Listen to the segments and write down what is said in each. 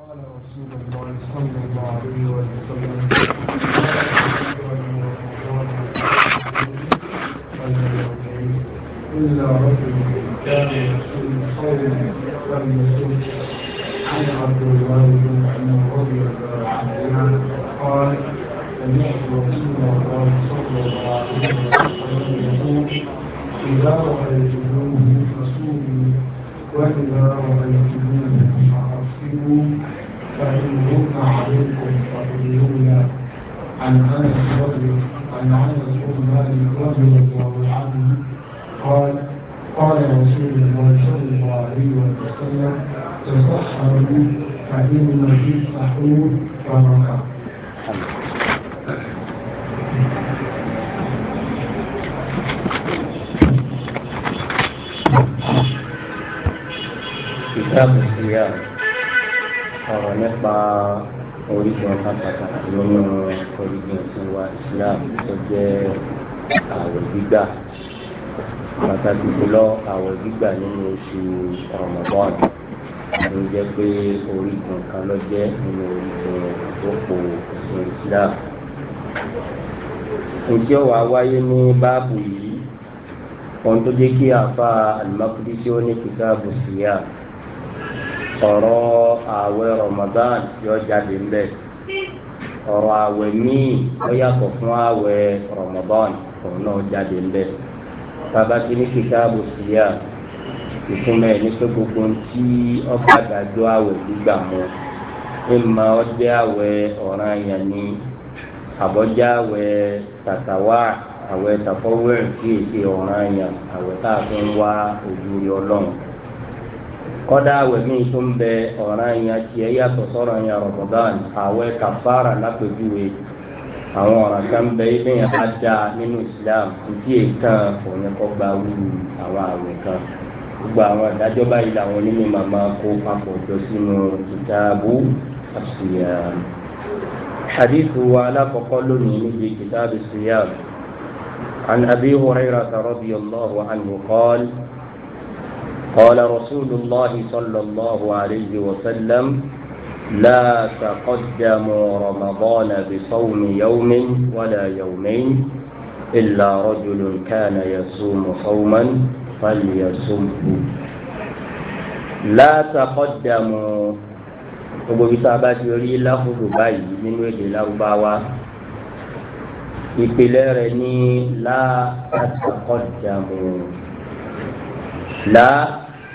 قال رسول الله صلى الله عليه وسلم إلا رجل كان يسوء خيرا لم يسوء عن عبد الله بن عمر رضي الله عنهما قال سمعت رسول الله صلى الله عليه وسلم يقول إذا رأيتموه فصوموا وإذا رأيتموه فصوموا تكذبوا فإنهم عليكم فضلهن عن أنس رضي عن أنس بن مالك رضي الله عنه قال قال رسول الله صلى الله عليه وسلم تسحروا فإن في السحور بركة كتاب الصيام ọ̀rọ̀ nípa orígun pàtàkì nínú orígun ẹ̀sìn wa Islam tó jẹ́ àwẹ̀ gbígbà pàtàkì jùlọ àwẹ̀ gbígbà nínú oṣù Ramadan ló jẹ́ pé orígun kan ló jẹ́ nínú orígun òpó ẹ̀sìn Islam. Ǹjẹ́ ó wá wáyé ní báàbù yìí? Ohun tó jẹ́ kí àfa Al-Maqdisi ó ní kìtàbù síyà. ọ̀rọ̀ ààwẹ̀ Ramadan yọ jáde ńbẹ̀ ọ̀rọ̀ ààwẹ̀ míì ó yàtọ̀ fún ààwẹ̀ Ramadan òun náà jáde ńbẹ̀ bàbá tí ní kitabu siyam ìfúnmẹ́ ní pé gbogbo tí ọba gbígbà ẹ ọ jẹ́ ààwẹ̀ ọ̀ràn yẹn ní kí ọ̀ràn yẹn kọ́dà wẹ̀mí tó ń bẹ ọ̀ràn yẹn tiẹ̀ yàtọ̀ sọ̀rọ̀ yẹn Ramadan àwẹ̀ kàfàrà lápẹ̀júwe àwọn ọ̀ràn kan bẹ ilé yẹn bá dáa nínú Islam ìdí èkán òun kọ́ gba wúlù àwọn àwẹ̀ kan gbogbo àwọn ìdájọ́ báyìí làwọn onímọ̀ màmá kó papọ̀ jọ sínú kìtàbù àṣìyà hadithu wa alákọ̀ọ́kọ́ lónìí níbi kìtàbù àṣìyà عن أبي هريرة رضي الله عنه قال قال رسول الله صلى الله عليه وسلم لا تقدموا رمضان بصوم يوم ولا يومين إلا رجل كان يصوم صوما فليصمه لا تقدموا gbogbo bí tá a bá ti rí láfùdù báyìí nínú èdè lárúbáwá ìpìlẹ̀ rẹ̀ ní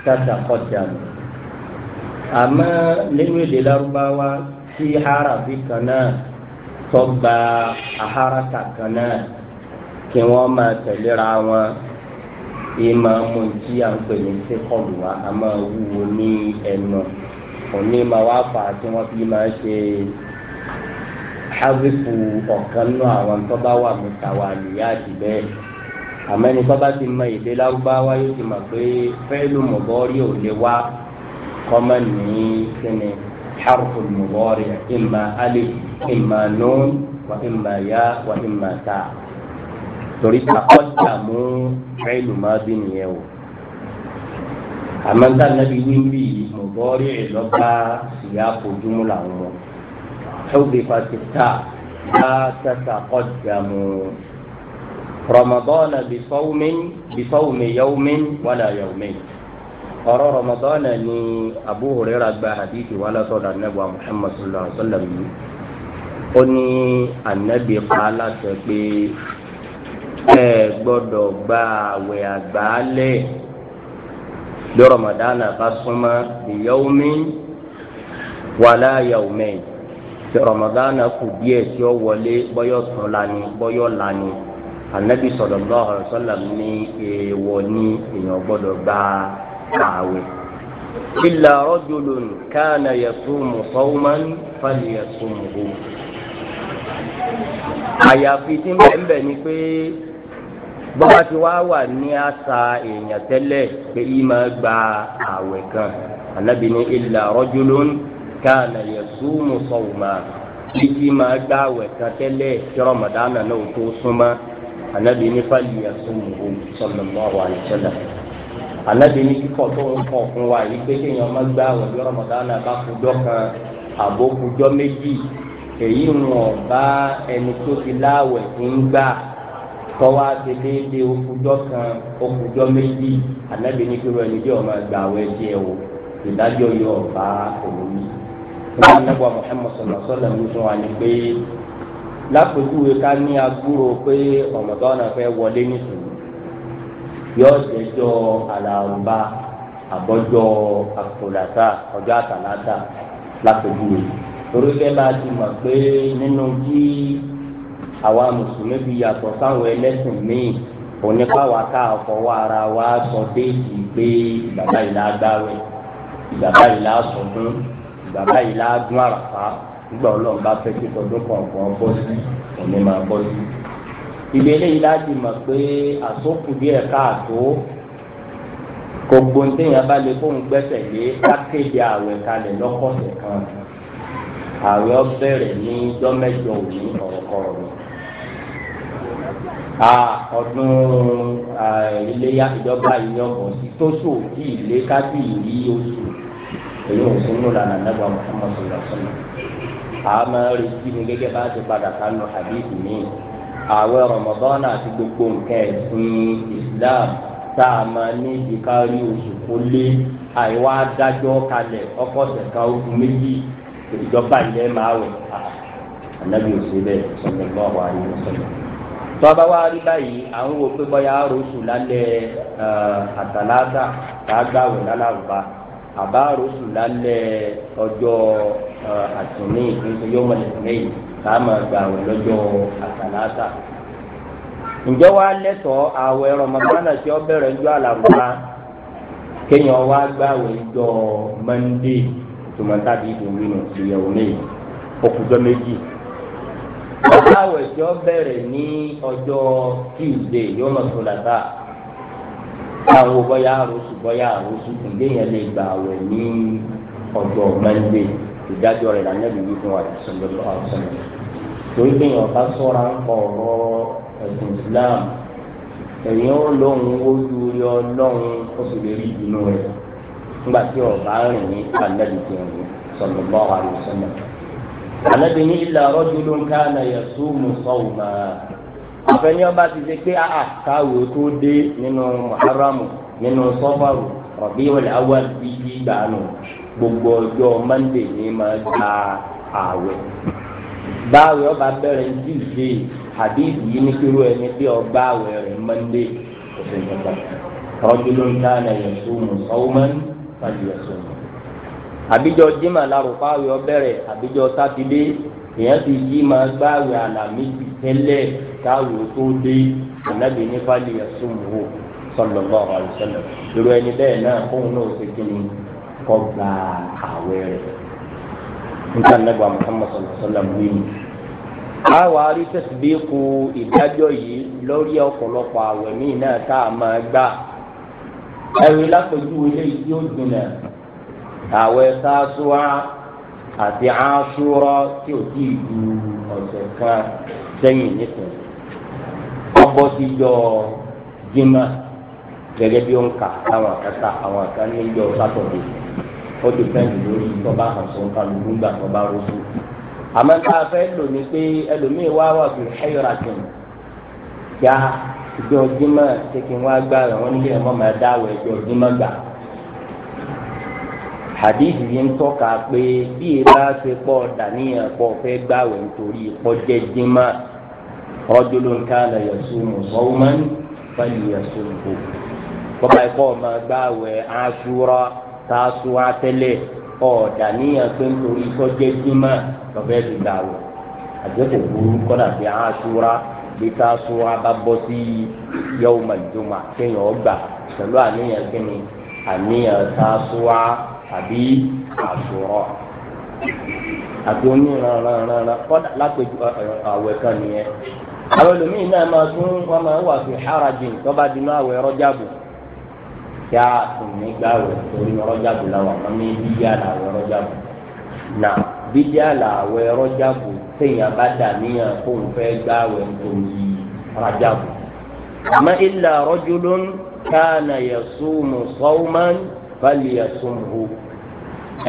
tàtàkọ̀tàmù àmọ́ nínú èdè lárúbáwá tí harafi kan náà tọgbà aharaka kan náà kí wọ́n máa tẹ̀léra wọn ìmọ̀ mọ̀tí à ń pè ní sẹ́kọ̀lù wa a máa wúwo ní ẹnu òní máa wá fà tí wọ́n fi máa ṣe hazifu ọ̀kan náà àwọn tó wà mí tàwa nìyá àti bẹ́ẹ̀ àmọ́ ẹni tó bá ti mọ èdè lárúbáwá yóò ti mọ̀ pé fẹ́ẹ́lù mọ̀bọ́rí ò lè wá kọ́mọ ní kíni xarfu mọ̀bọ́rí ìmà alif ìmà nun wà ìmà ya wà ìmà ta torí àkọ́jà mú fẹ́ẹ́lù má bí nìyẹn o àmọ́ níta nàbí wíńbí mọ̀bọ́rí ìlọ́gbà ìyá kò dúnmú làwọn ọ̀hún. حذفت التاء لا تتقدم رمضان بصوم بصوم يوم ولا يومين. rọmọdọ́nà رمضان abu hurera gba hadithi ولا sọ̀dọ̀ anabi wa muhammad sallallahu alayhi wa sallam yìí ó ní anabi kpala sọ pé ẹ gbọ́dọ̀ gba àwẹ̀ àgbálẹ̀ bí rọmọdọ́nà bá súnmọ́ yẹ́wùmí wàlà yẹ́wùmí kù díẹ̀ tí ó wọlé bọ́yọ̀ sọ̀lá ni bọ́yọ̀ là ni anabi sallallahu alaihi wasallam ní èèwọ̀ ní èèyàn gbọ́dọ̀ gba ààwẹ̀. illa rajulun kana yasumu sawman falyasumhu. àyàfi tí bẹ́ẹ̀ ni pé bọ́lá ti wá wà ní àṣà èèyàn tẹ́lẹ̀ pé yìí máa gba ààwẹ̀ kan anabi ní illa rajulun kana yasumu sawman. Bí kí máa gbá àwẹ̀ kan tẹ́lẹ̀ kí Ramadan náà tó súnmọ́ anabi ní fàlì àsomùhò sallallahu alaihi wasallam anabi ní kíkọ tó ń kọ fún wa yìí pé kéèyàn má gbá àwọn ọjọ́ Ramadan bá kújọ kan àbókújọ méjì èyí ń wọ̀n bá ẹni tó ti láwẹ̀ ń gbà tọ́wá ti déédéé okùjọ́ kan okùjọ́ méjì ànábì ní kí wọ́n ẹni bí ọmọ ẹgbà àwọn ẹjẹ o ìdájọ́ yóò bá òun yìí. wọ́n á nẹ́gbà Muhammad sallallahu alaihi wasallam ní wa ni pé lápòjúwe ká ní agbúrò pé ọ̀mọ̀tọ́nà fẹ́ wọlé nísìnyí yóò jẹjọ́ àlàrúbá àbọ́jọ́ àkùlàtà ọjọ́ àtàlátà lápòjúwe torí bẹ́ẹ̀ bá ti mọ̀ pé nínú bí àwa mùsùlùmí fi yàtọ̀ sáwọn ẹlẹ́sìn míì onípàwọ́ ká ọ̀fọwọ́ ara wa sọ déètì pé bàbá yìí lágbáwẹ̀ bàbá yìí lásùnkún bàbá yìí lágún àràfà nígbà ọlọ́run bá fẹ́ kí tọdún kọ̀ọ̀kan bọ́ sí òní máa bọ́ sí. ìbí eléyìí láti mọ̀ pé àsókù díẹ̀ káàtó gbogbo ntẹ̀yìn bá lè fóun gbẹ́sẹ̀ lé kákéde ààwẹ̀ kalẹ̀ lọ́kọ̀ọ̀sẹ̀ kan ààwẹ̀ ọbẹ̀rẹ̀ ní dọ́mẹ́jọ òní ọ̀rọ̀kọ̀ọ̀rọ̀ ọdún iléyà ìjọba ìyọkọ̀ sí tóṣù òkì ilé kábíyì oṣù èyí ò sínú lànà nígbà mọ̀tàmọ́sọ̀rọ̀ sọ́nà àmọ́ retí ni gẹ́gẹ́ bá ti padà kánú hadith mi ààwẹ̀ Ramadan àti gbogbo nǹkan ẹ̀sìn Islam tá a máa ní ìkárí oṣù kó lé àìwá dájọ́ kalẹ̀ ọkọ̀ ṣẹ̀ka ogun méjì ìjọba ilẹ̀ máa wẹ̀ ànábì òsè bẹ́ẹ̀ sọ̀rọ̀ àwọn àyè tọ́ba wa rí báyìí à ń bọ́yá arósù lálẹ́ àtàlátà tá a gbàwẹ̀ lálàrúbá àbáàrúsù lálẹ́ ọjọ́ àtúnmí nítorí yóò mọ̀lẹ́ lẹ́yìn ká máa gba àwẹ̀ lọ́jọ́ àtàlátà. ǹjẹ́ wàá lẹ́tọ̀ọ́ àwẹ̀ rọmọbánà tí ó bẹ̀rẹ̀ ń jọ àlàrúbá kéèyàn wá gbàwẹ̀ jọ mọ́ndé tòmọ́tàbí ìdòmínú ìyẹ̀wò mi òkùjọ méjì. ọ̀gá àwẹ̀ tí ó bẹ̀rẹ̀ ní ọjọ́ tíìsdè yóò mọ̀ tó làtà táwọn bọ́yá àròsù bọ́yá àròsù ìdí yẹn lè gbà wẹ̀ ní ọjọ́ mẹ́ndé ìdájọ́ rẹ̀ lànàbí yìí fún wa ìsọ̀lọ́lọ́ àṣọ̀nà torí pé yẹn ọ̀ká sọ́ra ń kọ ọ̀rọ̀ ẹ̀sìn Islam ẹ̀yìn ó lóun ó ju orí ọlọ́run ó sì lè rí ìdùnnú rẹ̀ nígbà tí ọ̀bá rìn ní ànábì ti rìn sọ̀lọ́lọ́ àṣọ̀nà ànábì ní ilà rọ́júlùn káàna yasumu àfẹni ọba ti ṣe pé àà káwé tó dé nínú muharamu nínú sọfàrù ọbí wọlé awa bíbí gbàánu gbogbo ọjọ́ mande ní máa gba ààwẹ̀ báwẹ ọba bẹ̀rẹ̀ ní ìṣe àdéhùn yìí ní kíru ẹni bí ọba ààwẹ̀ rẹ̀ mande ọ̀sẹ̀ nípa rọjòló ń ká náà yẹ sóhùn sọwọmọn fàlì yẹ sóhùn àbíjọ jimá larúkọ àwẹ̀ ọbẹrẹ àbíjọ sátidé èèyàn ti yí máa gbààwẹ̀ àlàmísì tẹ́lẹ̀ káwò tó dé ànábì ní fálì ẹ̀sùn wò sallallahu alaihi wasallam irú ẹni bẹ́ẹ̀ náà kóun náà ṣe kí ni kọ́ gba àwẹ̀ rẹ̀ níta ànábì Muhammad sallallahu alaihi wasallam wí ni. káwa rí tẹ̀síbíkù ìdájọ́ yìí lórí ọ̀pọ̀lọpọ̀ àwẹ̀ míì náà tá a máa gbà ẹ̀rí lápẹ̀jú ilé yìí ó dùnà àwẹ̀ sáṣúwá àti àṣúrọ̀ tí ò tí ì ju ọ̀sẹ̀ kan sẹ́yìn nísìnyí bọ́ sí yọ jimá gẹ́gẹ́ bí ó ń kà táwọn àkàtà àwọn àkàtà ní yọ sátọ̀dé ó ti fẹ́ lórí tọ́ba hàn sọ nǹkan lórí gbà tọ́ba rọ́sù. àmọ́ tá fẹ́ lò ní pé ẹlòmíì wá wà bí ẹ̀yọ̀rà tẹ̀lé ya ìjọ jimá kékeré wá gbà rẹ̀ wọ́n nílé ẹ̀mọ́ máa dáwọ̀ ìjọ jimá gbà. hadith yìí ń tọ́ka pé bí ìbá ṣe pọ̀ dàníyàn pọ̀ fẹ́ gbàwẹ̀ nítorí pọ́jẹ́ jimá rajulun kana yasumu sawman falyasumhu bọ́bá ikọ́ ọmọ gbààwẹ̀ Àṣúrà Tásúà tẹ́lẹ̀ ọ̀ọ́dà níyàn pé nítorí sọ́jẹ́ jímọ̀ lọ́bẹ̀ ti gbààwẹ̀ àjọṣe burú kọ́dà bí Àṣúrà bí Tásúà bá bọ́ sí yawmal jumu'a kéèyàn ọgbà pẹ̀lú àníyàn kíni àníyàn Tásúà àbí Àṣúrà àti onírànrànrànràn kọ́dà lápẹjù àwẹ̀ kan nìyẹn àwọn ẹlòmíín náà máa tún wọn máa ń wà fi harajì tó bá di náà wẹ̀ rọ́jàbù kí a tún ní gbà wẹ̀ torí rọ́jàbù làwọn àmọ́ mi bí yà làwẹ̀ rọ́jàbù nà bí yà làwẹ̀ rọ́jàbù téèyàn bá dà níyàn kó n fẹ́ gbà wẹ̀ nítorí rọ́jàbù àmọ́ ilà rọ́júlón kánà yasumu sawman falyasumhu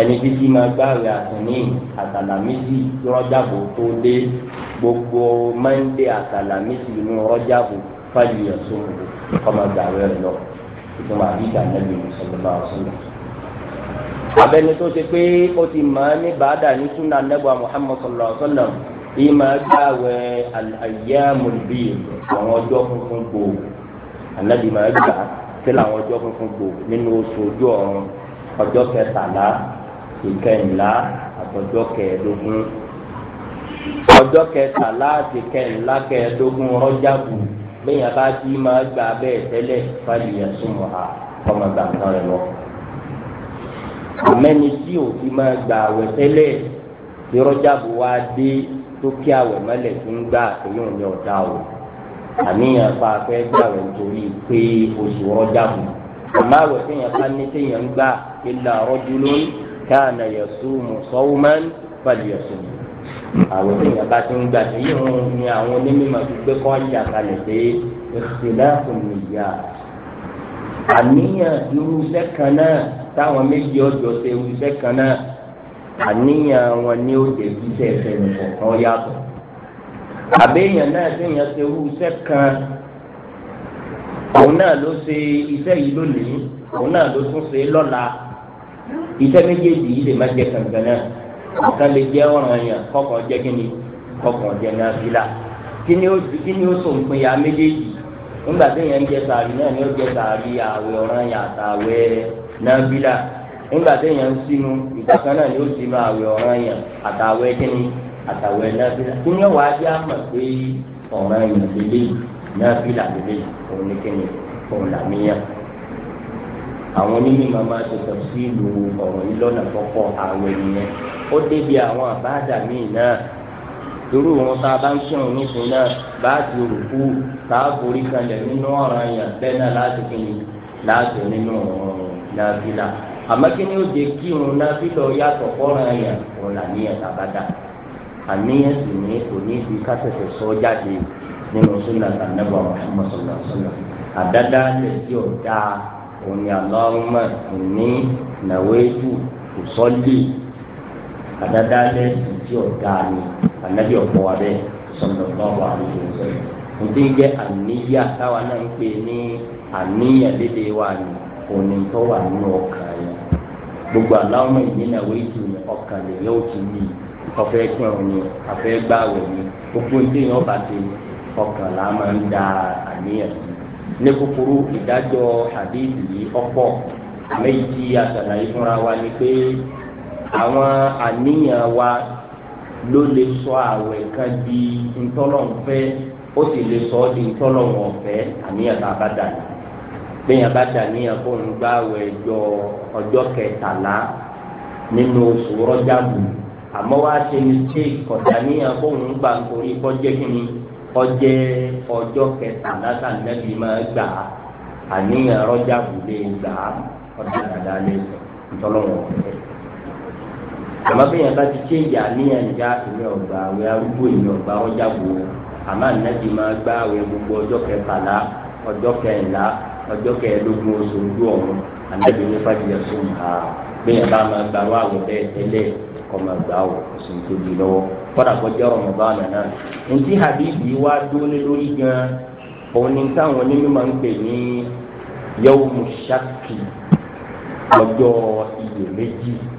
ẹni bí máa gbà wẹ̀ àtúnyìn àtàlà méjì rọ́jàbù tó dé gbogbo mande àtàlàmísì inú rọjà bò fàlì ẹsùn bò kọmọ gbàwé rẹ lọ ìtumọ̀ àbíkà nàbì sọlọ́lá ọ̀sọ́lá. abẹni tó ṣe pé ó ti máa ní bàdà ní súnà nàbà muhammad sọlọ́lá ọ̀sọ́lá yìí máa gbàwé àyà mọ̀lẹ́bí àwọn ọjọ́ funfun gbò ànábì máa gbà sí làwọn ọjọ́ funfun gbò nínú oṣù ojú ọ̀run ọjọ́ kẹtàlá ìkẹyìnlá àtọjọ́ kẹẹ̀ẹ́dógún ọjọ́ kẹtàlá àti kẹńlá kẹẹ̀ẹ́dógún rọ́jàbù bẹ́yìn bá ti máa gbà bẹ́ẹ̀ tẹ́lẹ̀ fàlìyà súnmọ́ ha ọmọ gbàǹkan rẹ̀ lọ. àmẹ́ni tí ò fi máa gbà àwẹ̀ tẹ́lẹ̀ tí rọ́jàbù wá dé tó kí àwẹ̀ mọ́lẹ̀ tó ń gbà èyí ò ní ọ̀dà o. àníyàn fa afẹ́ gbàwẹ̀ nítorí pé oṣù rọ́jàbù àmọ́ àwẹ̀ téèyàn bá ní téèyàn ń gbà ilà rọ́júlóń káà nà yẹ̀ sùn mùsọ̀ọ́mọ́n fàlìyà súnmọ́ àwọn èèyàn bá ti ń gbà sí yìí wọn ni àwọn onímọ̀ ti gbé kọ́ ṣe àkàlẹ̀ pé ìṣẹ̀lẹ̀kù nìyà àníyàn irú iṣẹ́ kan náà táwọn méjì ọjọ́ ṣe irú iṣẹ́ kan náà àníyàn wọn ni ó jẹ́ iṣẹ́ ẹ̀fẹ́ nìkan kan yàtọ̀ àbẹ́yàn náà sẹ́yìn ṣe irú iṣẹ́ kan òun náà ló ṣe iṣẹ́ yìí lónìí òun náà ló tún ṣe lọ́la iṣẹ́ méjèèjì yìí lè má jẹ kàǹkan náà. ọ̀kan lè jẹ́ ọ̀ràn yẹn kọ̀ọ̀kan jẹ́ kí ni kọ̀ọ̀kan jẹ́ nàfìlà kí ni ó kí ni ó ya méjèèjì nígbà tí ń jẹ sàárì náà ni ó jẹ sàárì àwẹ̀ ọ̀ràn yẹn àtàwẹ̀ nàfìlà nígbà tí èèyàn ń sínú ìgbàkan náà ni ó sínú àwẹ̀ ọ̀ràn yẹn àtàwẹ̀ kí ni àtàwẹ̀ nàfìlà kí ni ó wàá jẹ́ pé ọ̀ràn yẹn lélẹ́yìn nàfìlà lélẹ́yìn òun ni àwọn onímọ̀ máa ó débi àwọn àbáàdà míì náà irú wọn tá a bá ń kírun nísìnyí náà bá a ti rò kú tá a borí kalẹ̀ nínú ọ̀ràn yẹn bẹ́ẹ̀ náà láti kiri láti nínú nàbílà àmọ́ kí ni ó de kírun nàbílà yàtọ̀ ọ̀ràn yẹn òun là níyẹn tàbádà àníyàn sì ní kò ní fi kásẹ̀sẹ̀ sọ jáde nínú sunna tànàbà Muhammad sallallahu alaihi àdáda lè tí ò òun ni Allahumma inni nawaitu usalli. àdádálẹ̀ tí ọ̀dà ni ànábì ọ̀pọ̀ wa bẹ́ẹ̀ sọ̀rọ̀ lọ́wọ́ àlejò sẹ́yìn. Ǹjẹ́ ń jẹ́ àníyá táwa náà wa ni òní tó onye nínú ọkàn yẹn. Gbogbo aláwọ̀ ìdínà wéjì ni ọkàn lè yóò ti ni ni gbogbo ti ma fúnra àwọn àníyàn wa ló lè sọ àwẹ̀ kan di ntọ́lọ́nfẹ́ ó sì lè sọ di ntọ́lọ́nfẹ́ àníyàn tá a bá dà gbẹ̀yìn bá dà níyàn gbá àwẹ̀ jọ ọjọ́ kẹtàlá nínú oṣù rọ́jàbù àmọ́ wá ṣe gbà nítorí ọjọ́ kẹtàlá máa gbà àníyàn rọ́jàbù lè gbà lè àmọ́ bí yẹn bá ti ṣe ìyá níyàn nígbà ah, ìwé ọ̀gbà àwẹ̀ arúgbó ìwé ọ̀gbà ọjà àmọ́ ànábì máa gbá àwẹ̀ gbogbo ọjọ́ kẹfàlá ọjọ́ kẹrìnlá ọjọ́ kẹẹ̀ẹ́dógún oṣù ojú ọ̀run ànábì ní fàjìyà sùn ha ah, bí yẹn bá máa gbà wá àwọ̀ bẹ́ẹ̀ tẹ́lẹ̀ kọ́ máa gbà wọ̀ oṣù di lọ́wọ́ kọ́dà kọjá ọ̀rọ̀ mọ̀bá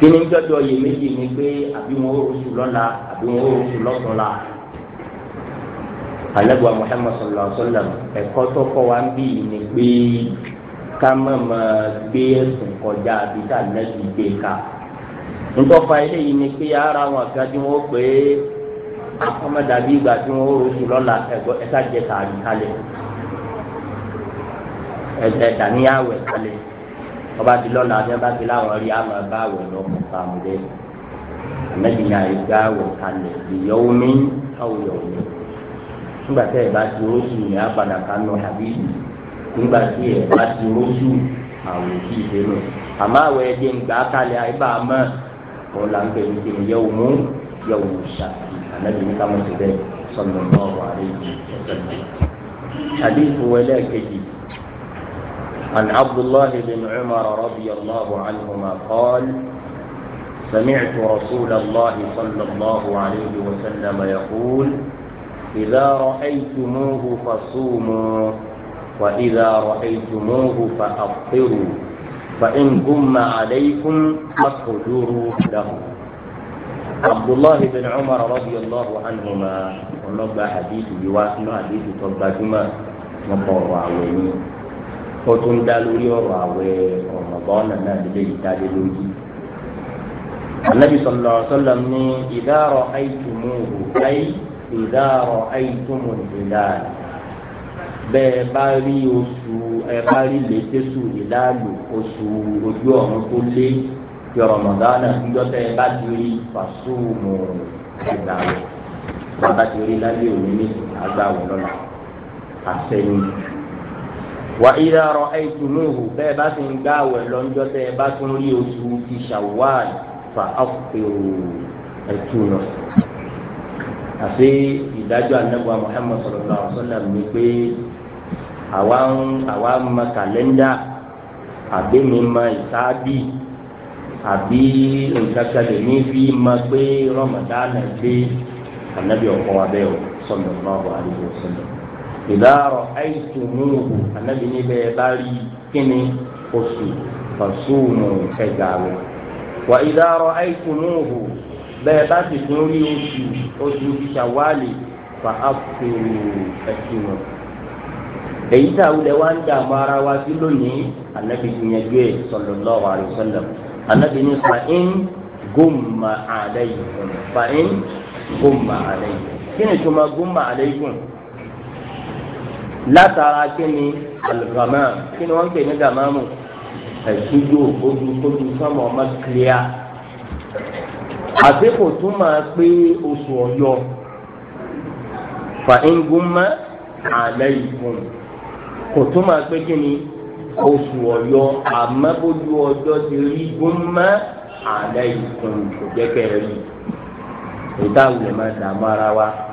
Kini jọjọ yìí méjì ni pé àbí wọn ó rúṣù lọ́la àbí wọn ó rúṣù lọ́sùnla alẹ́bùa Muhammad sallallahu Alaihi wa sallam ẹ̀kọ́ tó kọ́ wa ń bí ni pé ká má máa gbé ẹ̀sùn kọjá àbí tá lẹ́sì gbé ká ntọ́fà eléyìí ni pé ara wọn kan tí wọ́n pè é akọ́mọdàbí ah, ìgbà tí wọ́n ó rúṣù lọ́la ẹ̀gbọ́ ẹ̀ka jẹ tààrí kalẹ̀ ẹ̀dàníyàwẹ̀ kalẹ̀ ọba ti lọ́la àti ọba ti láwọn rí àmọ́ bá lọ kó fáwọn dé àmẹ́bìnrin àìgbá wọ̀ kalẹ̀ ìyọ̀wó mi káwọ̀ yọ̀ nígbà tí ẹ̀ bá ti róṣù ní apàdà kanú àbíyí nígbà tí ẹ̀ bá ti róṣù àwọn òbí ìdènà àmọ́ àwọn ẹ̀dẹ́ ń gbà kalẹ̀ àìbá mọ́ là ń pè ní kíni yẹ̀wò mú yẹ̀wò ṣà àmẹ́bìnrin káwọn ti bẹ́ẹ̀ sọ̀nà náà wà lẹ́yìn ọ̀sẹ̀ عن عبد الله بن عمر رضي الله عنهما قال سمعت رسول الله صلى الله عليه وسلم يقول إذا رأيتموه فصوموا وإذا رأيتموه فأفطروا فإن غم عليكم فاخجروا له عبد الله بن عمر رضي الله عنهما ونبى حديث بواحد حديث تبادما نبى عنهما ó tún dá lórí ọ̀rọ̀ àwẹ̀ Ramadan náà lè dálé lórí. Ànábì sallallahu alaihi wasallam ní idha ra'aytumuhu ay idha ra'aytumul hilal bẹ́ẹ̀ bá rí oṣù ẹ bá rí lẹ́tẹ̀sù ìlàlù oṣù ojú ọ̀run tó lé ti Ramadan níjọ́tẹ̀ ẹ bá ti rí fàṣùmù ìgbàwọ̀ bàbá ti rí lálẹ́ òní ní àgbàwọ̀ lọ́la àṣẹyìn wà ìdá ọ̀rọ̀ ẹ̀tùmùhù bẹ́ẹ̀ bá ti ń gbá àwẹ̀ lọ́njọ́ tẹ́ ẹ bá tún rí oṣù ti ṣàwáàlì fa ọ̀pẹ̀rù ẹ̀tù lọ. àfi ìdájọ́ anábọ̀ Muhammad sallallahu alaihi wasallam ni pé àwa ń àwa mọ kàlẹ́ndà àbí mi mọ ìsáábì àbí nǹkan kan lè fi mọ pé Ramadan náà dé anábì ọ̀kan wa bẹ́ẹ̀ o sallallahu alaihi ìdárọ̀ àìsùnmùhù ànábì níbẹ̀ bá rí kíni oṣù fàṣùmù ẹ̀gà rẹ̀ wà ìdárọ̀ àìsùnmùhù bẹ́ẹ̀ bá sì tún rí oṣù oṣù ṣàwálì fà áfùrù ẹ̀sìn wọn. èyí tá a wulẹ̀ wá ń dààmú ara wa sí lónìí ànábì gbìyànjú ẹ̀ sallallahu alaihi wasallam ànábì ní fàín gòmà àlẹ́ yìí fàín gòmà kí ni tó máa gòmà àlẹ́ yìí látara kíni alùpàmà kíni wọn pè ní gàmámù ẹsùjò ojú ojú sọmọ ọmọ kílíà àti kò tún máa pé oṣù Ọ̀yọ́ fa ingúnmá àlẹ ìfún kò tún máa pé kíni oṣù Ọ̀yọ́ àmọ́ bójú ọjọ́ ti rí gúnmá àlẹ ìfún kò jẹ kẹrin ìdáhùn lè máa dààmú ara wa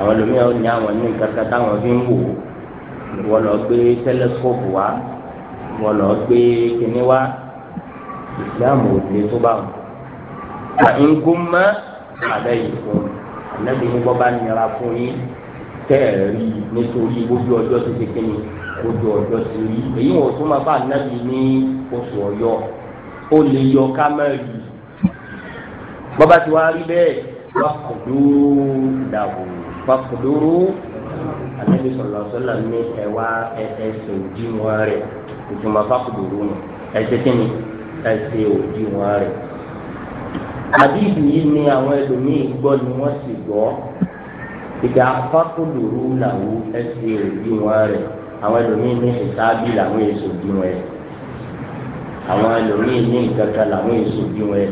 àwọn ẹlòmíràn ó ní àwọn ní kankan táwọn fi ń wò ó wọ́n lọ gbé tẹlẹsikópù wá wọ́n lọ gbé kíní wá ìsìlámù ò lè tó bá wọn. àìǹkùn mọ́ àdá yìí fún un ànábi ní bọ́ bá nira fún yín tẹ́ẹ̀rí nítorí ojú ọjọ́ ti ṣe kíni ojú ọjọ́ ti rí èyí wọn tún máa bá ànábi ní oṣù ọ̀yọ́ ó lè yọ kámẹ́rì bọ́bá ti wá rí bẹ́ẹ̀ lọ́kọ̀ọ́ dúró fakuduru anabi sọlọ sọlọ ní ẹwà ẹsẹ òdi wọn rẹ ìtumọ̀ fakuduru nù ẹsẹ kíni ẹsẹ òdi wọn rẹ àdìsí yìí ni àwọn ẹlòmíì gbọ́ ni wọ́n sì gbọ́ ìgbà fakuduru làwọn ẹsẹ òdi wọn rẹ àwọn ẹlòmíì ní ìsáábì làwọn èso òdi wọn rẹ àwọn ẹlòmíì ní ìkẹkẹ làwọn èso òdi wọn rẹ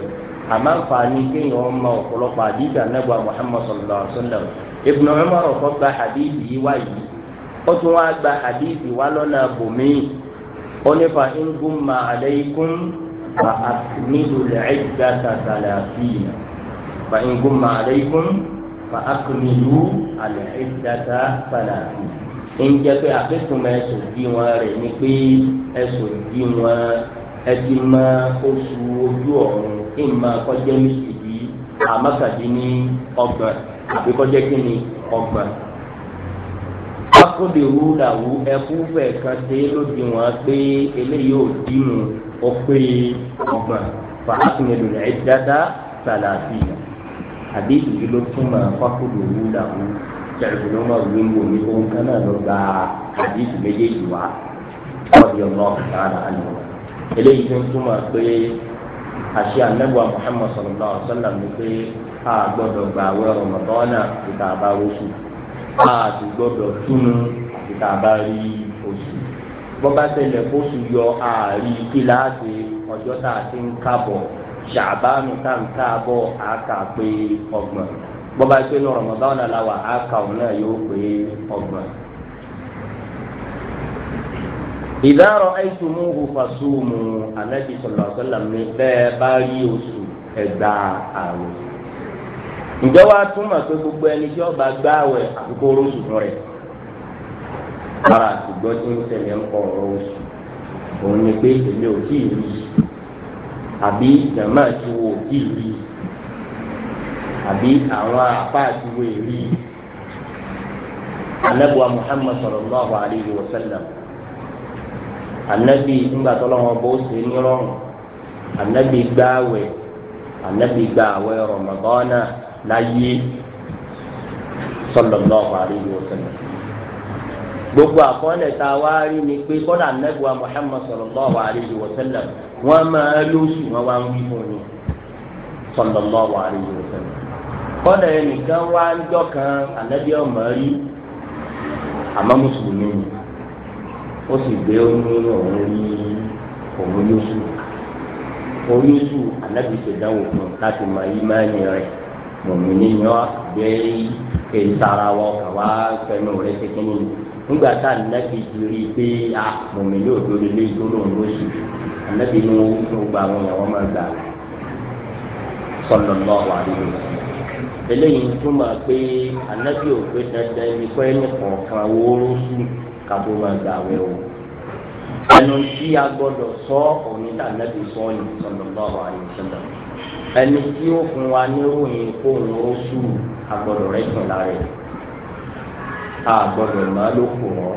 àmàǹfààní kéèyàn ọmọ ọ̀pọ̀lọpọ̀ àdìsí anagba Muhammad sallallahu alaihi wa sallam. Ibn Umar kọ́ gba hadithi yìí wá yìí ó tún wá gba hadithi wá lọ́nà bòmíì ó ní fa in gumma alaykum fa akmilu al-iddata thalathina fa in gumma alaykum fa akmilu al-iddata thalathina ǹjẹ́ pé àfẹ́sùnmọ́ ẹ̀sùn bí wọn rẹ̀ ni pé ẹ̀sùn bí wọn ẹtì mọ oṣù ojú ọ̀run ìmọ̀ akọ́jẹ́ méjì bíi àmọ́kàdínní ọgbọ̀n àbí kọjá kí ni ọgbọ̀n. akóde wu làwù ẹkú fẹ̀ kan dé lóde wọn pé eléyìí ò dínú ó pé ọgbọ̀n fàákùnrin lòlẹ̀ ẹ̀ dáadáa sàlàfì àbí ìlú ló túmọ̀ akóde wu làwù sẹ̀rẹ̀kùn ló máa wí wò ní ohun kan náà ló gba àdìsí méjèèjì wá ọ̀dì ọ̀nà ọ̀kadà àná eléyìí tó ń pé àṣẹ anábọ̀ Muhammad sallallahu alaihi wasallam ni pé a gbọ́dọ̀ gba àwẹ̀ ọ̀mọ̀tọ́nà àfìtà bá oṣù a ti gbọ́dọ̀ túnú àfìtà bá rí oṣù bọ́bá tẹ̀lẹ̀ oṣù yọ ààrí kíláàsì ọjọ́ tá a ti ń kábọ̀ ṣàbánu tá n kábọ̀ a kà pé ọgbọ̀n bọ́bá pé ní ọ̀mọ̀tọ́nà làwà a òun náà yóò pé ọgbọ̀n. إذا رأيتموه فصوموا النبي صلى الله عليه وسلم bá rí oṣù ẹ̀dá àrùn ǹjẹ́ wàá túmọ̀ pé gbogbo ẹni tí ọba gbá àwẹ̀ àkókò oṣù fún rẹ̀ ara àtìgbọ́ tí ń tẹ̀lé ń kọ ọ̀rọ̀ oṣù òun ni pé èmi ò tí ì rí àbí jàmá ti wo ò rí àbí àwọn apá àti wo èrí anabuwa Muhammad sallallahu alayhi wa sallam anabi ńgbà tó lọ́wọ́ bó ṣe ní rọrùn anabi gbáwẹ̀ anabi gbáwẹ̀ Ramadana láyé sallallahu alaihi wasallam gbogbo àkọọ́lẹ̀ tá a wá rí ni pé kọ́dà nẹ́gbàá Muhammad sallallahu alaihi wasallam wọ́n máa lóṣù wọn wá ń wí fún mi sallallahu alaihi wasallam kọ́dà ẹnìkan wá ń dọ́kan ànábì ọmọ rí àmọ́ mùsùlùmí ni ó sì gbé oní òun rí òun lóṣù òun lóṣù ànábì ṣèdánwò fún láti mọ ìmáàyè rẹ̀ mọ̀mìnì yẹn wá gbé ké sara wọ kà wá fẹnu rẹ kékeré nígbà tá ànábì ti rí i pé a mọ̀mìnì òdo lélẹ́ yìí tó lòun ló sì ànábì ní wọn tó gba àwọn yẹn wọn máa gbà sọlọ lọ wà nínú eléyìí túmọ̀ pé ànábì òfin dandan ẹni kọ́ ẹni kọ̀ọ̀kan wóró sùn kàtó máa gbà wẹ̀ o ẹnu tí a gbọ́dọ̀ sọ ọ̀nìdànàbì sọ́ọ̀nì sọlọ lọ wà nínú ẹni tí ó fún wa níròyìn kóhùn oṣù agbọ́dọ̀ rẹ̀ sùn lára ẹ̀ agbọ́dọ̀ má ló kù ọ́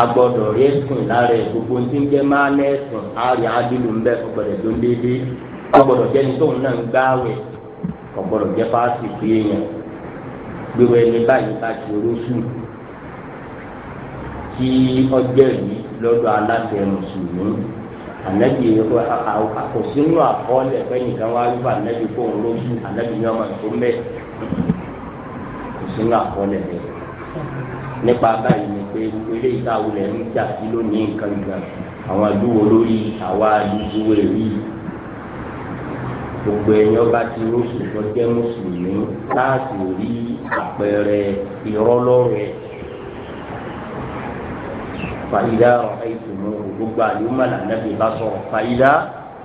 agbọ́dọ̀ rẹ̀ sùn lára ẹ̀ gbogbo tí ń jẹ́ máa ní ẹ̀sùn àárẹ̀ ádìlú ń bẹ̀ ọgbọ̀dọ̀ tó ń dédé ọgbọ̀dọ̀ jẹ́ni tóun náà ń gbáwẹ̀ ọgbọ̀dọ̀ jẹ́ fáàsì sí èèyàn gbéwò ẹni báyìí bá ti oṣù tí ọjọ́ yìí lọ́dọ̀ aláṣẹ mùsùlùmí ànábì kò sínú àkọọ́lẹ̀ fẹ́yìn kan wá wípé ànábì kò ń lójú ànábì ní ọmọ tó mẹ́ kò sínú àkọọ́lẹ̀ nípa báyìí ni pé eré ìtawulẹ̀ ń jà sí lónìí nǹkan gan àwọn àdúgbò lórí àwa àdúgbò èrí gbogbo ẹ̀yọ́ bá ti lóṣù tó jẹ́ mùsùlùmí láti rí àpẹẹrẹ ìrọ́lọ́rẹ̀ fàyídà ọ̀hẹ́ tòmùrù gbogbo àlùmọ́ làǹdàbí bá sọ̀rọ̀ fàyídà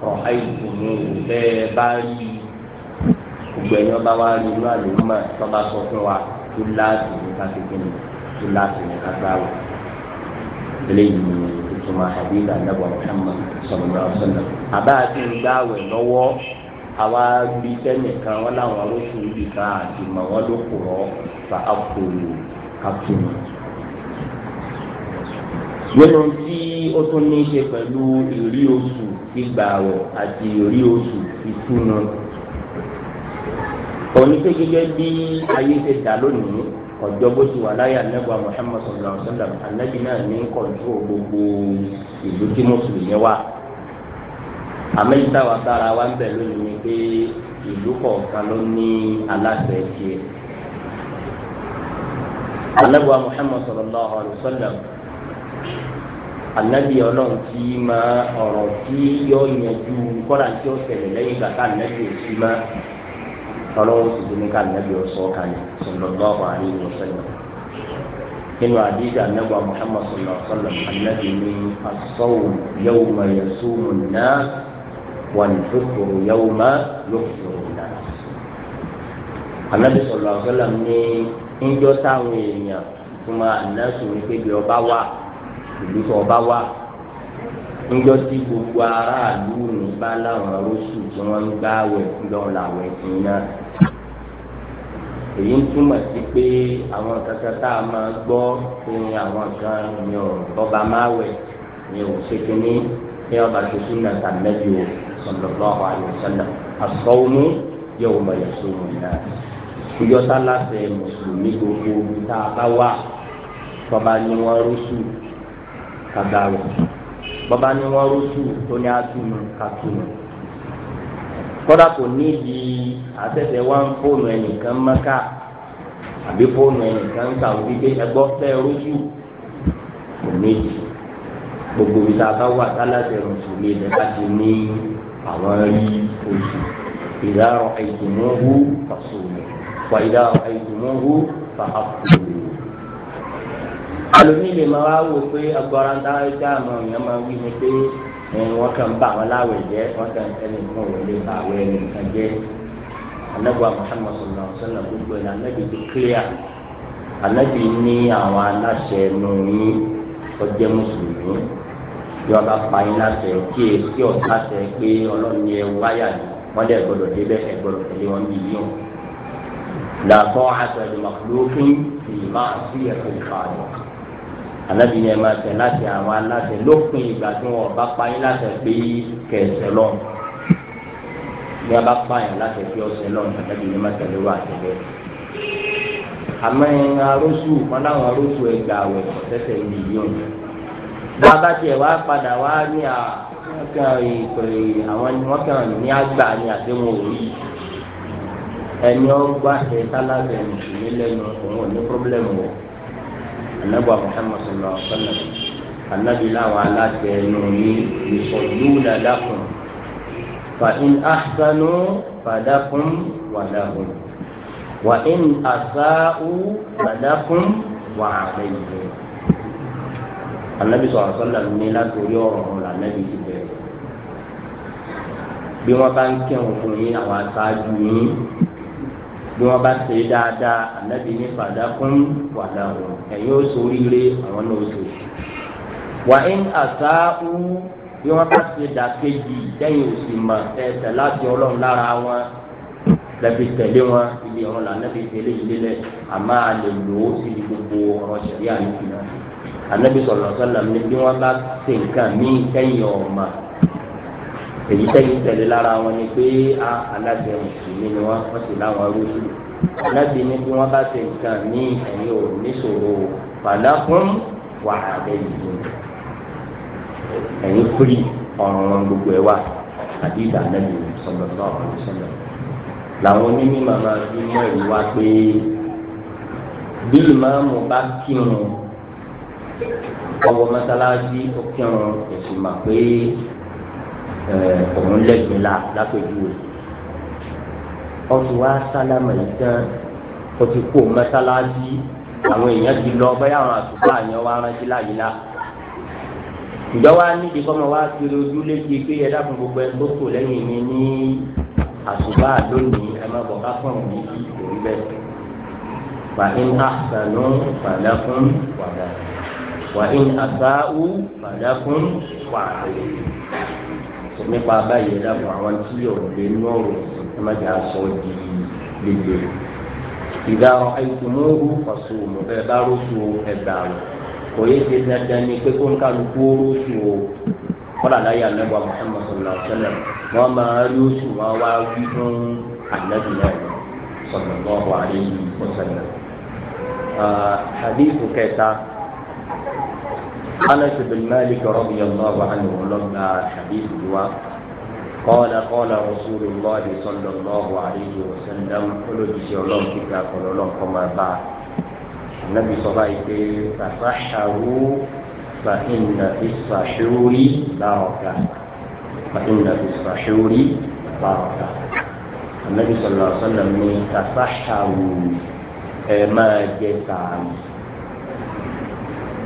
rọ̀ ayé tòmùrù bẹ́ẹ̀ bá rí gbogbo ẹ̀yọ́ bá wá rí inú àlùmọ́ tó bá sọ fún wa tó láti ní ká kékeré ní tó láti ní ká gbáwò. eléyìí ni ìtumọ̀ àdéhùn àdàbọ̀ Muhammad sọ̀rọ̀ ọ̀sán àbá àti ìgbàwẹ̀ lọ́wọ́ àwa bí sẹ́nìkan wọn láwọn aróṣù ibìkan àti nínú tí ó tún ní í ṣe pẹ̀lú ìrí oṣù gbígbàwọ̀ àti ìrí oṣù ìtúnu òní pé gẹ́gẹ́ bí ayé ṣe dà lónìí ọjọ́ bó ti wà láyé anábọ̀ Muhammad sallallahu alaihi wa sallam anábì náà ní kọ̀ǹtù gbogbo ìlú tí mùsùlùmí wà amẹ́yìntà sára wa ń bẹ̀ lónìí ni pé ìlú kọ̀ọ̀kan ló ní aláṣẹ tiẹ̀ anábọ̀ Muhammad sallallahu alaihi wa sallam anabi ọlọ́run tí máa ọ̀rọ̀ tí yọ yanjú kọ́lá tí ó ṣẹlẹ̀ lẹ́yìn ìgbà tá anabi ò sí máa ọlọ́run sì dúró ká anabi ò sọ kalẹ̀ sallallahu alaihi wasallam nínú àdíjà anabi muhammad sallallahu alaihi wasallam anabi ní asọ́wò yawma yasumu náà wà ní fífòrò yawma yufṭiru náà anabi sallallahu alaihi wasallam ní ń jọ́ táwọn èèyàn fún ma ànásùn ní pé bí ọba wà ìlú tó ọba wà níjọ́ tí gbogbo aráàlú ní bá láwọn arósù tí wọ́n ń gbá wẹ̀ ńlọ làwọn ẹ̀sìn náà èyí ń túmọ̀ sí pé àwọn kankan tá a máa gbọ́ pé àwọn kan ní ọba máa wẹ̀ ní òṣèkínní ní ọba tuntun náà tàbí o sallallahu alaihi wasallam as-sawmu yawma yasumu náà ìjọ́ta láti mùsùlùmí gbogbo tá a bá wà tọ́ba ni wọ́n rúṣù kàgbàrò bàbá ni wọ́n rúṣù tó ní àtúnú kàtúnú kọ́dà kò níbi àtẹ̀tẹ̀ wá ń fóònù ẹnìkan mẹ́ka àbí fóònù ẹnìkan sàwùdí pé ẹgbọ́ fẹ́ rúṣù kò níbi gbogbo ìta bá wà tálàtẹ̀ mùsùlùmí ilẹ̀ bá ti ní àwọn rí oṣù ìdárò àìsùnmọ́hu fàṣùmù wà ìdárò àìsùnmọ́hu fàṣùmù àlùmí lè máa wá wò pé agbára ń ẹja àmọ́ èèyàn máa wí ni pé wọ́n kàn ń bà wọ́n láwẹ̀ jẹ́ wọ́n kàn ẹni kan wọ̀ lé bà wẹ́ ẹni kan jẹ́ anabi Muhammad sallallahu alaihi gbogbo ẹni anabi ti clear anabi ní àwọn aláṣẹ ẹnu yín ọjẹ́ mùsùlùmí yọ bá pa yín láṣẹ kí èsì ọ̀sáṣẹ pé ọlọ́ni ẹ wáyà ni wọ́n dẹ̀ gbọ́dọ̀ débẹ̀ ẹ gbọ́dọ̀ tẹ̀lé wọn bí yíyàn làbọ̀ àtàlùmọ̀ lófin ìmọ̀ àti ẹ̀kọ́ ìfàdùn anabi yẹn máa tẹ láti àwọn aláṣẹ lópin ìgbà tí wọn bá pa yín láti pé kẹsẹ lọ bí wọn bá pa yín láti fi ọsẹ lọ anabi yẹn máa tẹlẹ wá àtẹlẹ àmọ́ arósù wọn láwọn arósù ẹgbà àwẹ ọsẹsẹ ní yíyan wọn bá tiẹ̀ wá padà wá ní àwọn ni wọn kàn ní àgbà ní àdéhùn òrí ẹni ọgbà ẹ tálábẹ nìyí lẹ́nu òun ò ní pọblẹmù wọn anabuwa muhammad sallallahu alaihi wa sallam anabi làwọn aláṣẹ ẹnu ní ìfọdúnlá dákun fa in ahsanu fadakum wadahun wa in asa'u fadakum wa alayhim anabi sallallahu alaihi wa sallam ní látòrí ọ̀rọ̀ ọ̀rọ̀ anabi ti bẹ̀rẹ̀ bí wọn bá ń kẹwọn fún yín àwọn aṣáájú yín bí wọn bá ṣe dáadáa ànábì ní fàdákùn wàdà wọn ẹ̀yin ó soríire àwọn náà ó so wà ń àṣàù bí wọn bá ṣe dàkejì lẹ́yìn òsì mọ ẹsẹ láti Ọlọ́run lára wọn lẹbi tẹ̀lé wọn ibi ọ̀run là lẹbi tẹ̀lé yìí lẹ àmọ́ àlè lò ó sì gbogbo ọ̀rọ̀ sẹrí àlùkù náà ànábì sọlọ sọlọ ní bí wọn bá ṣe nǹkan míì sẹ́yìn ọmọ èyí sẹ́yìn tẹ̀lé lára wọn ni pé a aláṣẹ wọn mùsùlùmí ni wọ́n wọ́n sì láwọn rúṣù alábì ní bí wọ́n bá ṣe nǹkan ní ẹ̀yìn ò níṣòro fàlàkùn wà àbẹ̀yìn ẹ̀yìn kúrì ọ̀ràn wọn gbogbo ẹ̀ wà àbí ìdánilẹ́bí sọ̀dọ̀tọ̀ ọ̀rọ̀ sọ̀dọ̀ làwọn onímọ̀ màmá bí mọ́ ẹ̀rí wá pé bí ìmáàmù bá kírun ọwọ́ mọ́sálásí ó kírun èsì mà pé òun lẹ́gbẹ̀ẹ́ la lápẹ̀jú rẹ̀ ọtí wá sálámà yìí tán ó ti kó mọ́sálásí àwọn èèyàn ti lọ bẹ́ẹ̀ àwọn àtúbà yẹn wá rántí láyé la. ìjọba níbi kọ́mọ wá kiri ojú létí pé ẹ dákun gbogbo ẹ tó tò lẹ́yìn mi ní àtúbà lónìí ẹ má bọ̀ ká fún mi kí òun bẹ́ẹ̀. فإن أحسنوا فلكم وذلك وإن أساءوا فلكم وعليهم. nípa báyìí ẹ dákun àwọn tí yóò lè nọ́ọ̀rọ̀ ẹ̀mẹ́jẹ̀ aṣọ di gbígbé ìdárọ̀ àìsùnmọ́rù fàṣùmù ẹ̀ bá rúṣù ẹ̀dá rẹ̀ kò yé ṣe dandan ni pé kó ń kálukú rúṣù o kọ́lá láyé anábọ̀ Muhammad sallallahu alaihi wasallam wọ́n máa rí oṣù wọn wá wí fún anábì náà sallallahu alaihi wasallam. hadith kẹta Anas bin Malik radiyallahu anhu lọ́gbà hadith wa. قال قال رسول الله صلى الله عليه وسلم قلت سيولون كتا قلولون كما بعد النبي صلى الله عليه وسلم تصحروا فإن في الصحور بركة فإن في الصحور بركة النبي صلى الله عليه وسلم تصحروا ما جتعوا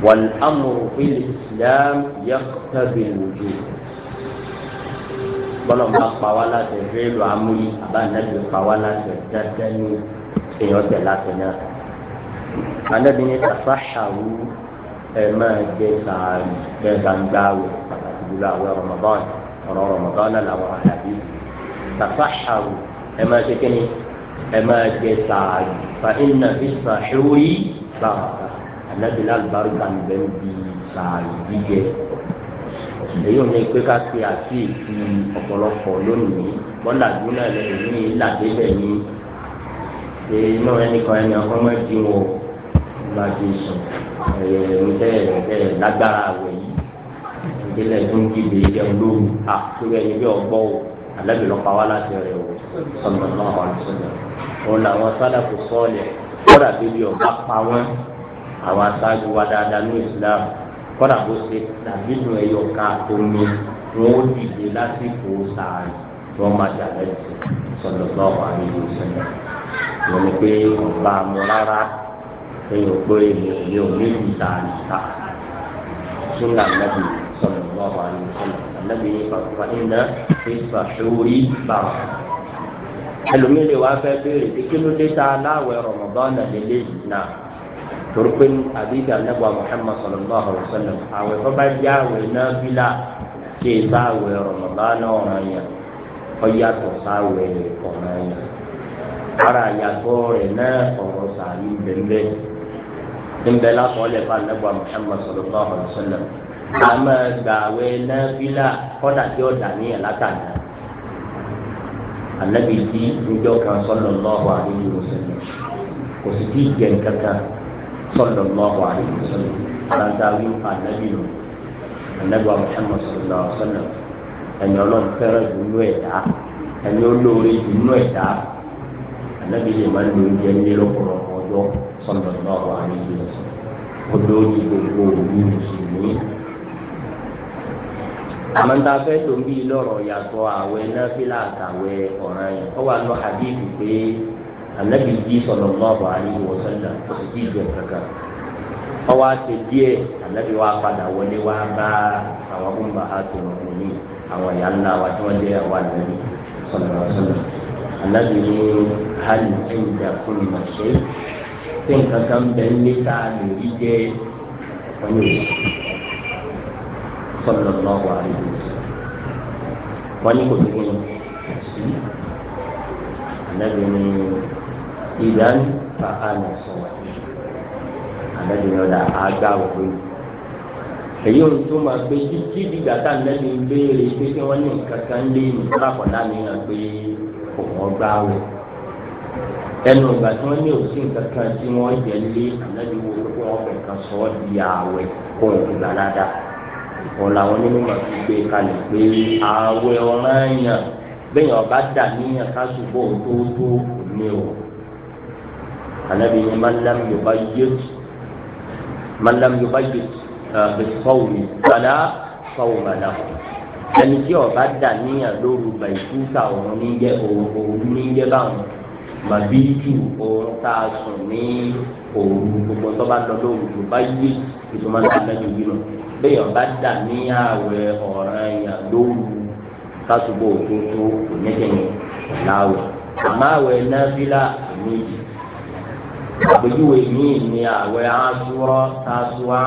والأمر في الإسلام يقتضي الوجود bọ́lọ̀ bá pa wá láti fẹ́ẹ́lú amúyí àbánábì pa wá láti dáadáa ní èèyàn tẹ̀ láti náà. Ànábì ní tàfáṣàwù ẹ máa jẹ sàárì jẹ gbàngbàwò pàtàkì jùlọ àwọn Ramadan ọ̀rọ̀ Ramadan náà làwọn àdàbí. Tàfáṣàwù ẹ máa ṣe kíni ẹ máa jẹ sàárì fa iná ìsà ṣòwòyí bàbà ànábì lálùbáríkà ń bẹ́ẹ̀ bí sàárì èyí ò ní pé ká ṣe àti ìfi ọ̀pọ̀lọpọ̀ lónìí bọ́lá dúnà lẹ́yìn ní ìlàdélẹ̀ ní ṣe iná ẹnìkan ẹni ọkọ mọ́ di wọn bá ti sùn ẹ̀ẹ́dẹ́ ẹ̀ lágbára rẹ̀ yìí ìdílé tó ń dìbò ìjẹun lóru àkúrò ẹni bí ọgbọ́ o àlẹ́bí lọ́pàá wá láti rẹ̀ o sọ̀nà náà wà lọ́sọ̀nà òun làwọn sádàkù sọ́ọ̀lẹ̀ kọ́dà bíbí ọ̀gá pa wọ́n àwọn aṣáájú wa dáadáa ní ìsìlámù kọ́nà bó ṣe tàbí nù ẹyọ ká omi wọn ó dìde lásìkò sàárì wọn máa dàgbẹ́ sí sọ̀dọ̀ lọ́wọ́ àríwó sẹ́yìn wọn ni pé ọba mu rárá ẹ̀yìn òpó èmi èmi ò ní ìlú sàárì ká sunna nabi sọ̀dọ̀ lọ́wọ́ àríwó sẹ́yìn anabi ní pàtàkì iná fífa sórí bàrà ẹlòmílẹ̀ wàá fẹ́ béèrè pé kí ló dé ta aláwẹ̀ Ramadan náà lélẹ́yìn náà torí pé àdìgbà nàbà Muhammad sallallahu alaihi wa sallam àwẹ̀ fọba jẹ́ àwẹ̀ náà bílà ṣe bá àwẹ̀ Ramadan ọ̀ràn yẹn ọ̀yàtọ̀ sáwẹ̀ ọ̀ràn yẹn ara àyàtọ̀ rẹ̀ náà ọ̀rọ̀ sàárì bẹ̀m̀bẹ̀ níbẹ̀ lákọọ́lẹ̀ bá nàbà Muhammad sallallahu alaihi wa sallam àmọ́ gbàwẹ̀ náà bílà kọ́dà tí ó dà níyàn látàná kan sallallahu alaihi wa sallam kò sì tí ì jẹ́ sọ̀rọ̀ lọ́wọ́ àyẹ̀wò sọ̀rọ̀ aláǹdáwí ànábì lọ ànábì Muhammad sọ̀rọ̀ sọ̀rọ̀ ẹni ọlọ́run fẹ́rẹ̀ dùnú ẹ̀dá ẹni olóore dùnú ẹ̀dá ànábì lè máa ń lo oúnjẹ ní lọ́pọ̀lọpọ̀ ọjọ́ sọ̀rọ̀ lọ́wọ́ àyẹ̀wò sọ̀rọ̀ odò ti gbogbo òní mùsùlùmí àmọ́ta fẹ́ tó ń bí lọ́rọ̀ yàtọ̀ àwẹ̀ náà fi láàtàwẹ̀ ọ̀ràn yẹn ọ wà lọ àbí ìpè anabi yi sallallahu alaihi wa sallam kò sì tí ì jẹ kankan ọwọ́ àti díẹ̀ anabi wa padà wọlé wa bá àwọn ọmọ àti ọmọ mi àwọn ìyá ńlá wa tí wọ́n jẹ́ àwọn anabi sallallahu alaihi wa sallam anabi ni hali ẹ̀yìndà fún mi mà ṣe pé nǹkan kan bẹ ní ká lè rí jẹ ọyọ sallallahu alaihi wa sallam wọn ní kò sí kí anabi ni ìdáni fàánà sọ̀rọ̀ ànábì ọ̀dà àgbà òwe. èyí ò tó máa gbé títí dìgbà tá ànábì béèrè pé kí wọ́n ní nǹkan kan lé ní kápọ̀dá mi hàn pé òun ọgbà wẹ̀. ẹnu ìgbà tí wọ́n ní òsín nǹkan tí wọ́n jẹ lé ànábì wo pé wọ́n fẹ̀ kan sọ ọ́ di ààwẹ̀ kó o kò gbà dáadáa. òun làwọn onímọ̀ fi gbé kalẹ̀ pé ààwẹ̀ ọ̀ràn yàn bẹ́ẹ̀ ọba dà níyàn ká ṣùgbọ́n òtótó ní o anabi ni malam yorùbá yéet malam yorùbá yéet uh, bisawumi kala sawumala ẹni tí ọba dà níyà lóru bàìkúsà òun níjẹ òun níjẹ báwọn màbí jù òun tá a sùn ní òru gbogbo tó bá lọ lóru yorùbá yéet ìtumọ̀ náà lẹ́yìn yìí lọ bẹ́ẹ̀ ọba dà níyà àwẹ̀ ọ̀ràn yà lóru kásùbọ̀ òkú tó kò ní kẹ́yìn láwẹ̀ àmọ́ àwẹ̀ àpèjúwe míì ní àwẹ̀ asúrọ́ tasuwa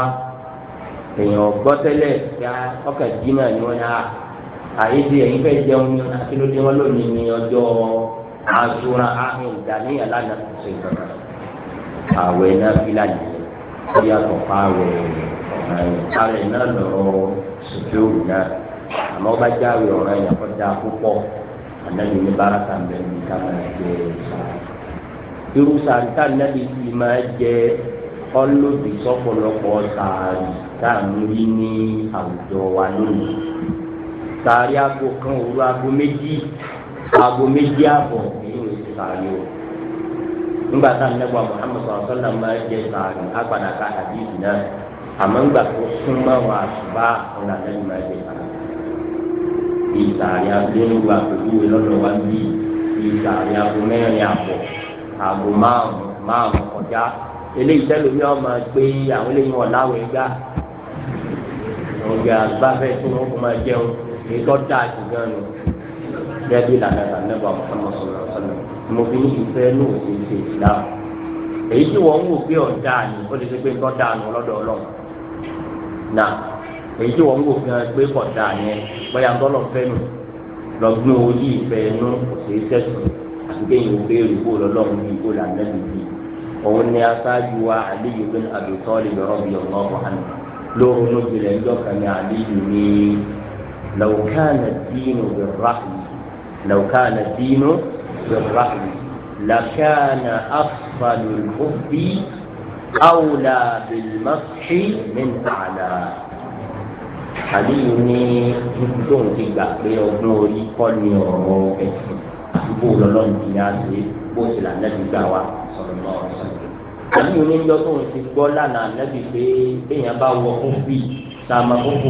èèyàn gbọ́tẹ́lẹ̀ ya ọkà jimá ni wọ́n yá àyèdè ẹ̀yin fẹ́ jẹun ní akínúdé wọn lónìí ní ọjọ́ asúrọ́ ahìn ìdáníyà lánàá tó ṣe ìtọ́ka àwẹ̀ náà fi lánàá ó yàtọ̀ fáwẹ̀ àwẹ̀ náà lọ́rọ́ sùkúrù náà àmọ́ bá jáwé ọ̀ràn yẹn kọjá púpọ̀ ànábi ní báraka mbẹ́ni ká máa ṣe irú sàǹtà nàbí ti máa jẹ je sọ́pọ̀lọpọ̀ sàárì sàmúrí ní àwùjọ wa lónìí kan ti o a nẹ́gbà Muhammad sọ̀rọ̀ sọ́lá máa agbada ká àdìsí náà àmọ́ nígbà tó sún mọ́ wọn ma ọ̀nà àdìsí máa jẹ sàárì ìsàárì wa nígbà pẹ̀lú ìlọ́dọ̀ wa bí ìsàárì aago aago márùn márùn kọjá eléyìí tẹlomi ọmọ gbé àwọn eléyìí wọn láwọn ẹgbà ọjà gbàfẹ tó wọn kò máa jẹun ètò dá àtúgbọn nù gẹbi lànà lànàbà Muhammad sallallahu alaihi wasallam mo fi ní ìfẹ́ ní òsè ṣe ìlà èyí tí wọn ń wò pé ọjà ni ó lè ṣe pé nǹkan dà nù lọ́dọ̀ Ọlọ́run náà èyí tí wọn ń wò pé kọjá yẹn bóyá ń tọ́lọ̀ fẹ́ nù lọ́gbọ́n orí ìfẹ́ inú òsè ṣẹ́sùn. àti kéyìn ó béèrè kó lọ́lọ́run bíi kó là nẹ́bi bí òun ni aṣáájú wa Aliyu bin Abi Talib radiyallahu anhu lóhùn lójú rẹ̀ ńjọ́ kan ní Aliyu ní law kana ad-dinu bir-rahmi law kana ad-dinu bir-rahmi لكان أفضل الحب أولى بالمسح من أعلى àbí ní tóun ti gbà pé ọdún orí kọ́ ni ọ̀rọ̀ ẹ̀sìn bó o lọ́lọ́ ní ìyá àti bó o sì là nẹ́bí gbà wá sọ̀rọ̀ náà ọ̀sán. àbí òní ń lọ tó ń ti gbọ́ lánàá nẹ́bí pé èèyàn bá wọ fún bí sàmà kókò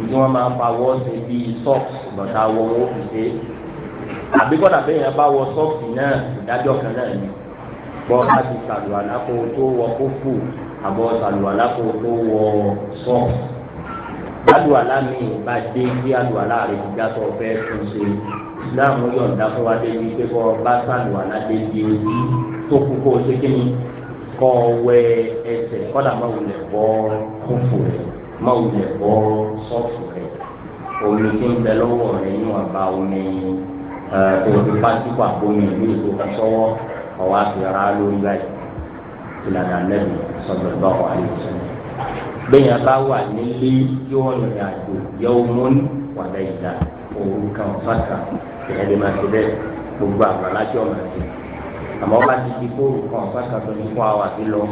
ìdí wọn máa ń fa wọ́ ṣe bí sọ́ọ̀kì bọ̀dá wọ owó fi ṣe. àbí kọ́dà pé èèyàn bá wọ sọ́ọ̀kì náà ìdájọ́ kan náà ni gbọ́ bá ti sàlùwà lápò tó wọ kókò àbọ̀ sàlùwà lápò tó wọ sọ́ọ̀kì já sọ fẹ́ fún islam yọ̀ǹda fún wa débi pé kọ́ bá sàlù aládé di ojú tó kú kó o ṣe kí ni kọ́ wẹ ẹsẹ̀ kọ́dà máa wulẹ̀ bọ́ kófò rẹ̀ máa wulẹ̀ bọ́ sọ́ọ̀fù rẹ̀ omi tó ń bẹ lọ́wọ́ rẹ̀ níwọ̀n bá omi tó fi pásítọ̀ àbomi ìlú ètò ìfọwọ́ ọ̀wá fi ra lórí báyìí ìlànà nẹ́bí sọ̀rọ̀ lọ́wọ́ àyè bẹ́ẹ̀ bá wà nílé yóò rìn àjò yẹ́wò mọ́ni wàdà ìdá òun kan fàkà ìyẹn lè máa ṣe bẹ́ẹ̀ gbogbo àgbà láti ọ̀nà àti àmọ́ bá ti di kóòrù kan pátá tó ní fún àwọn àti lọ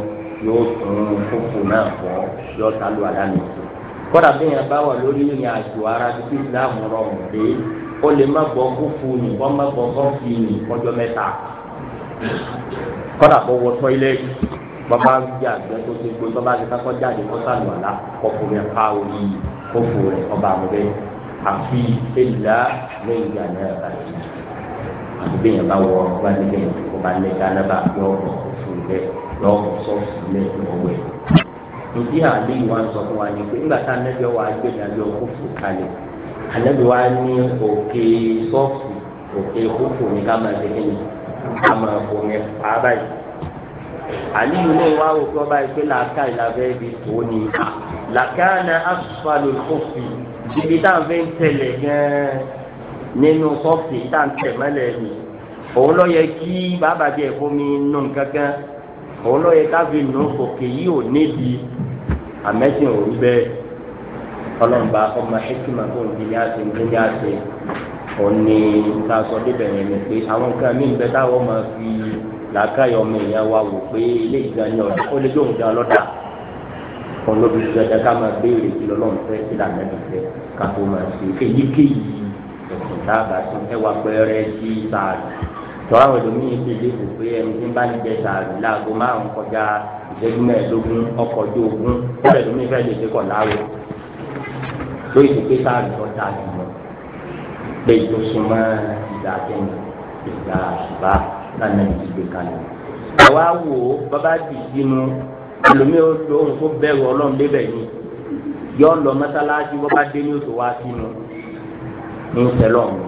yóò tún fòfò náà fọ́ yóò ta lu àdáni kódà bí yẹn bá wà lórí ìrìn àjò ara títí ìsìláàmù rọrùn dé ó lè má gbọ́ kófù ní kó má gbọ́ kófì ní kọjọ́ mẹ́ta kódà kó wọ tọ́ílẹ̀tì bàbá ń gbé àgbẹ̀ tó ti gbé bàbá ti kákọ́ jáde kó sàlùwàlá kọkùnrin ká orí kófù rẹ̀ ọba àmúbẹ́yìn àfi ìlà lẹ́yìn náà àti àti bẹ́yẹn bá wọ bá ní bẹ́yẹn kó bá lẹ́ dáná bá yọ ọ̀pọ̀ fún ilẹ̀ yọ ọ̀pọ̀ sọ́ọ̀sì ilẹ̀ lọ́wọ́ ẹ̀. Ìdí àlẹ́ yìí wọ́n sọ fún wa ni pé nígbà tá anábìá wa gbé ìdájọ́ kófò kalẹ̀ anábìá wa ní òkè sọ́ọ̀sì òkè kófò ní ká máa tẹ̀lé ní ká máa fò ní pàábà yìí. Àní ilé wa wò kí wọ́n bá pé làákà ìlàbẹ́ ibi tó ní làákà náà ibi tá à fi ń tẹ̀lé gan nínú sọ́ọ̀fì tá à ń tẹ̀ ni òun lọ yẹ kí bàbá jẹ ìfomi nù kankan òun lọ yẹ káfí nù òkè yìí ò níbi àmẹ́sìn òun bẹ́ẹ̀ ọlọ́mba ọmọ hekima tó ń àti ní àti òun ni ká sọ débẹ̀ yẹn ni pé àwọn nǹkan mí bẹ́ẹ̀ táwọn máa fi làákàyọ̀ ọmọ ìyá wa wò pé ilé ìgbà ni ó lè dóhùn dá lọ́dà olóbi dada ká máa béèrè kí lọ́lọ́run fẹ́ kí lànà ti fẹ́ ká tó máa ṣe èyíkéyìí ẹ̀sìn dábàá tó ẹ wá pẹ́ẹ́rẹ́ sí sàárì tọ́wọ́ àwọn ẹlòmíín ti dé kò pé ẹni tí ń bá ń jẹ sàárì láago márùn kọjá ìṣẹ́jú mẹ́ẹ̀ẹ́dógún ọkọ̀ ojú ogun wọ́n ẹlòmíín fẹ́ lè ṣe kọ̀ láàrọ̀ lórí ti pé sàárì tó dà jù pé ìjọ súnmọ́ ìgbà kẹ́yìn ìgbà àṣùbà náà náà kalẹ̀ ẹ̀ wá bàbá dì sínú ẹlòmí ó lo ohun tó bẹ̀rù ọlọ́run débẹ̀ ni yọ lọ mọ́sálásí wọ́n bá dé ní oṣù wá sínú ní sẹlọ̀ mi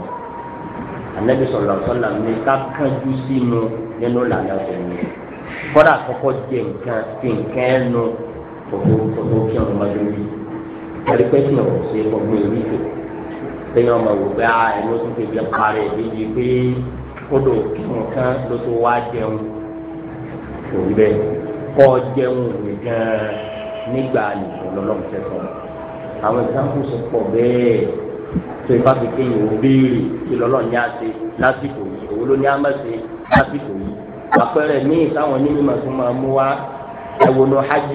anabi sọlọ sọlọ mi ká kánjú sínú nínú làlẹ́ ọ̀sẹ̀ mi kọ́dà kọ́kọ́ jẹ nǹkan fi nǹkan ẹ̀ nu kòtò kòtò kí ọ̀rọ̀ máa lórí ẹ̀rí pé kí ọ̀rọ̀ ṣe ọgbọ́n èrí tó lẹ́yìn ọmọ wò pé a ah, ẹ̀rọ tó ti fi parí ẹ̀bí yìí pé kódò kí nǹkan ló tó wá jẹun kò bẹ́ẹ̀ kọ́ jẹun òwe gan-an nígbà àlùkò lọ́lọ́run tẹ́ sọ. àwọn ìsáǹpùsì pọ̀ bẹ́ẹ̀ tó ipa fi kéyìn ò béèrè kí lọ́lọ́run ní àṣẹ lásìkò yìí òun ló ní àmọ̀ṣe lásìkò yìí. àpẹẹrẹ míì táwọn onímọ̀ tó máa mú wá ẹ̀wọ̀n ní hajj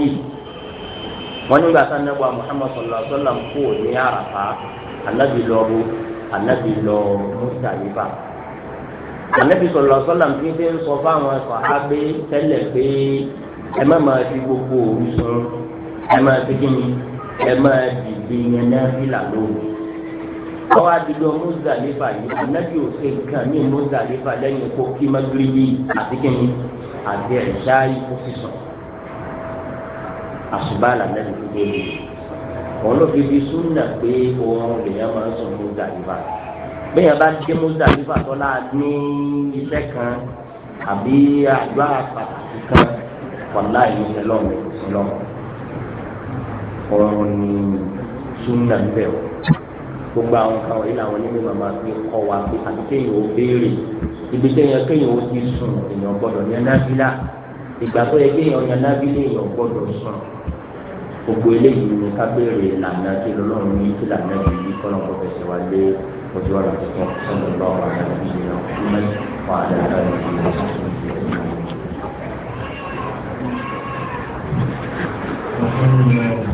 wọn nígbà tá nàbọ Muhammad sallallahu alaihi wa sallam kú ní àràfà anabi lọrọ anabi lọ mùsàlìfà anabi sallallahu alaihi wa sallam fi fi ń sọ fáwọn sàhábé tẹ́lẹ̀ pé ẹ má máa fi gbogbo òru sùn ẹ máa fi kí ni ẹ máa dìde yẹn náà fìlà lóru. ọwọ́ àdìgbò mùsàlífà yìí anábì òsè nǹkan ní mùsàlífà lẹ́yìn kó kí magrebi àti kí ni àti ẹ̀ṣá ikú sísọ. àṣùbà làlẹ́nu tó dé mi. òun ló fi fi súnà pé òun lèèyàn máa ń sọ mùsàlífà. bẹ́ẹ̀ bá dé mùsàlífà tọ́lá ní iṣẹ́ kan àbí àdúrà pàtàkì kan wàlá yìí ṣe lọ́mọ ìṣọlọ́mọ ọ̀rọ̀ ni súnà ń bẹ̀ wọ̀ gbogbo àwọn kan wọ̀nyí làwọn onímọ̀ màmá fi kọ́ wa pé àti kéèyàn ó béèrè ibi téèyàn kéèyàn ó ti sùn èèyàn gbọ́dọ̀ yan nábìlà ìgbà tó yẹ kéèyàn yan nábìlà èèyàn gbọ́dọ̀ sùn gbogbo eléyìí ni ká béèrè ìlànà tí lọ́lọ́run ní kí lànà yìí kọ́nà kó fẹsẹ̀ wá lé ojú ọ̀nà tuntun sọ́dọ̀ lọ́wọ́ àwọn ẹbí Amen.